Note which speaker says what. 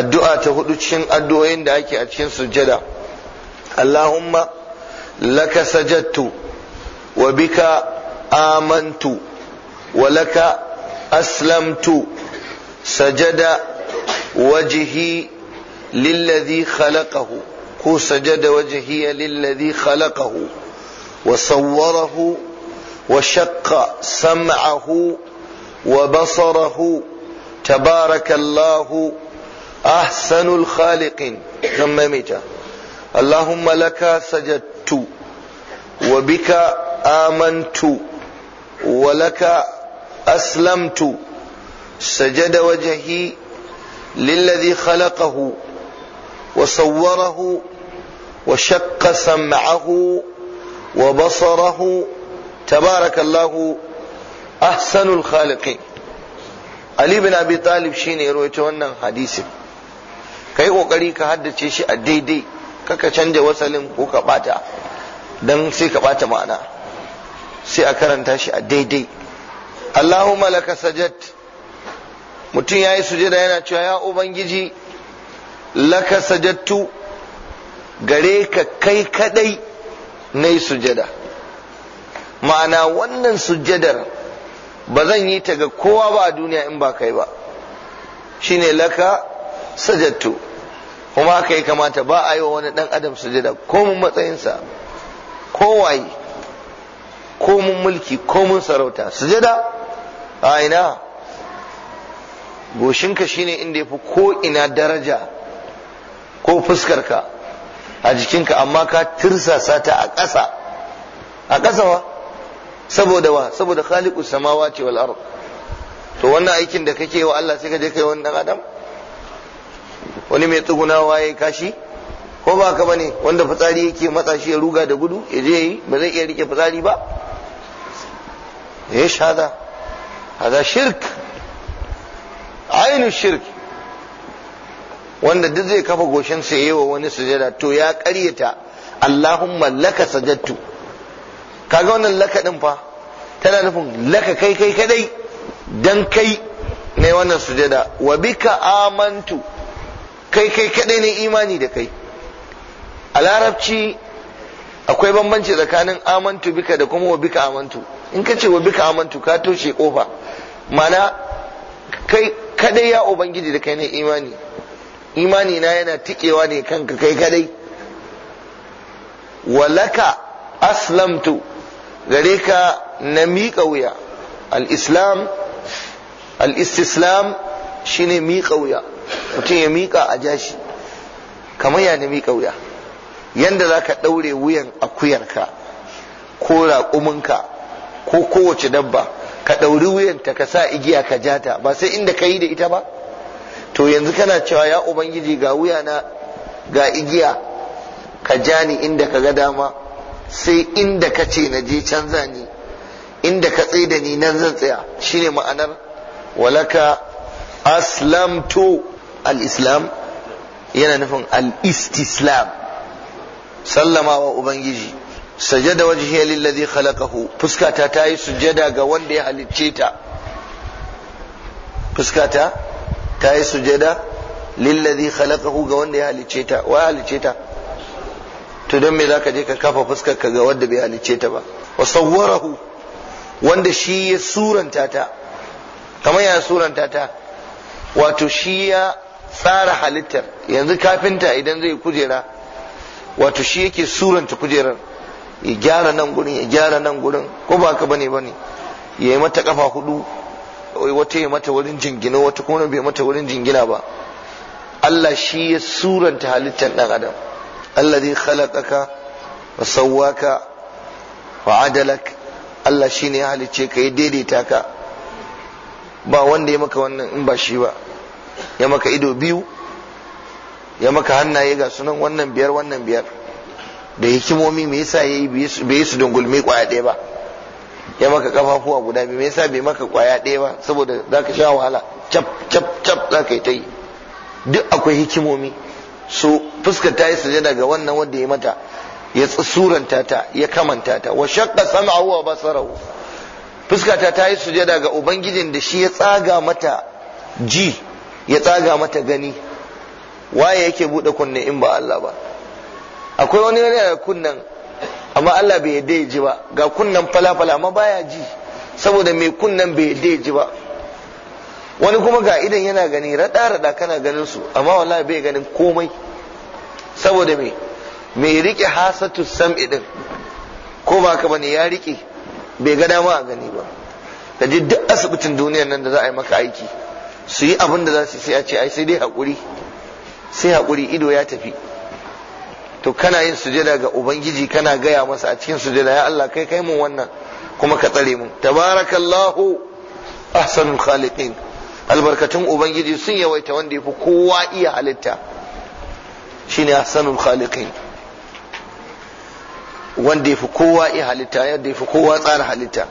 Speaker 1: addu'a ta hudu cikin addu'o'in da ake a cikin sujjada Allahumma laka sajattu wa bika amantu wa laka aslamtu sajada wajhi lilladhi khalaqahu ko sajada wajhi lilladhi khalaqahu wa sawwarahu wa shaqqa sam'ahu wa basarahu tabarakallahu ahsanul khaliqin zan maimaita allahumma amantu wa aslamtu sajada للذي خلقه وصوره وشق سمعه وبصره تبارك الله أحسن الخالقين علي بن أبي طالب شيني رويته حديثه ka yi ƙoƙari ka haddace shi a daidai kaka canja wasalin ko ka ɓata don sai ka bata ma'ana sai a karanta shi a daidai Allahumma laka sajad mutum ya yi sujada yana cewa ya ubangiji laka sajattu gare ka kai kadai na yi sujada ma'ana wannan sujadar ba zan yi ta ga kowa ba a duniya in ba kai ba shine laka sajattu kuma aka yi kamata ba a yi wa wani dan adam sujada komun matsayinsa kowaye komun mulki komun sarauta sujada a ina goshinka shine inda ya fi ko ina daraja ko fuskarka a jikinka amma ka tirsasa ta a ƙasa a ƙasa wa saboda wa saboda khaliqus samawati wal ard to wannan aikin da kake wa Allah sai ka je kai wani dan adam wani mai tsugunawa ya kashi ko ba ka bane wanda fitsari yake matsa shi ya ruga da gudu ya je yi ba zai iya rike fitsari ba ya eh, shada hada shirk ainihin shirk wanda duk zai kafa goshin sa yi wa wani sujada to ya karyata Allahumma laka sajattu kaga wannan laka din fa tana nufin laka kai kai kadai dan kai ne wannan sujada wa bika amantu kai kai kadai ne imani da kai a larabci akwai bambanci tsakanin amantu bika da kuma wa bika amantu in ka ce wa bika amantu ka toshe kofa mana kai kadai ya ubangiji da kai ne imani imani na yana tikewa ne kanka kai kadai walaka aslamtu gare ka na miƙa wuya al-islam al-istislam shine miƙa wuya mutum ya miƙa a jashi kamar ya miƙa wuya yanda za ka ɗaure wuyan akuyarka ko raƙuminka ko kowace dabba ka ɗauri wuyanta ka sa igiya ka jata ba sai inda ka yi da ita ba to yanzu kana cewa ya ubangiji ga wuyana ga igiya ka ja ni inda ka ga dama sai inda ka ce na je canza ni inda ka tsaye da ni nan zan tsaya shine ma'anar walaka aslamtu al-islam yana nufin al-istislam sallama wa ubangiji sajada wajhiya lillazi khalaqahu fuskata ta yi sujada ga wanda ya halicce ta fuskata ta yi sujada lillazi khalaqahu ga wanda ya halicce ta wa halicce ta to don me zaka je ka kafa fuskar ka ga wanda bai halicce ta ba wa sawwarahu wanda shi ya suranta ta kamar ya suranta ta wato shi ya tsara halittar yanzu kafinta idan zai kujera wato shi yake suranta kujerar ya gyara nan gurin ya gyara nan gurin ko ba ka bane bane ya yi mata kafa hudu wata ya mata wurin jingina wata kuma bai mata wurin jingina ba Allah shi ya suranta halittar dan adam Allah zai khalaqaka wa sawwaka wa adalak Allah shi ne ya halicce ka ya daidaita ka ba wanda ya maka wannan in ba shi ba ya maka ido biyu ya maka hannaye ga sunan wannan biyar wannan biyar da hikimomi me yasa yayi bai su dungulmi kwaya ɗaya ba ya maka kafafuwa guda biyu me yasa bai maka kwaya ɗaya ba saboda zaka sha wahala cap cap cap zaka yi ta yi duk akwai hikimomi so fuskar ta yi sujada ga wannan wanda ya mata ya suranta ta ya kamanta ta wa shakka sam'ahu wa basarahu fuskata ta yi sujada ga ubangijin da shi ya tsaga mata ji ya tsaga mata gani waye yake buɗe kunne in ba Allah ba akwai wani yana da kunnan amma Allah bai yadda ya ji ba ga kunnan falafala amma baya ji saboda mai kunnan bai yadda ya ji ba wani kuma ga idan yana gani rada rada kana ganin su amma wallahi bai ganin komai saboda me mai rike hasatu sam'i din ko ba ka bane ya rike bai ga dama a gani ba da ji duk asibitin duniyar nan da za a yi maka aiki su yi abin da za su sai a ce ai sai dai haƙuri sai hakuri ido ya tafi to kana yin sujada ga ubangiji kana gaya masa a cikin sujada ya Allah kai kai mun wannan kuma ka tsare mun tabarakallahu ahsanul khaliqin albarkatun ubangiji sun yawaita wanda yafi kowa iya halitta shine ahsanul khaliqin wanda ya fi kowa ya halitta yadda ya fi kowa tsara halitta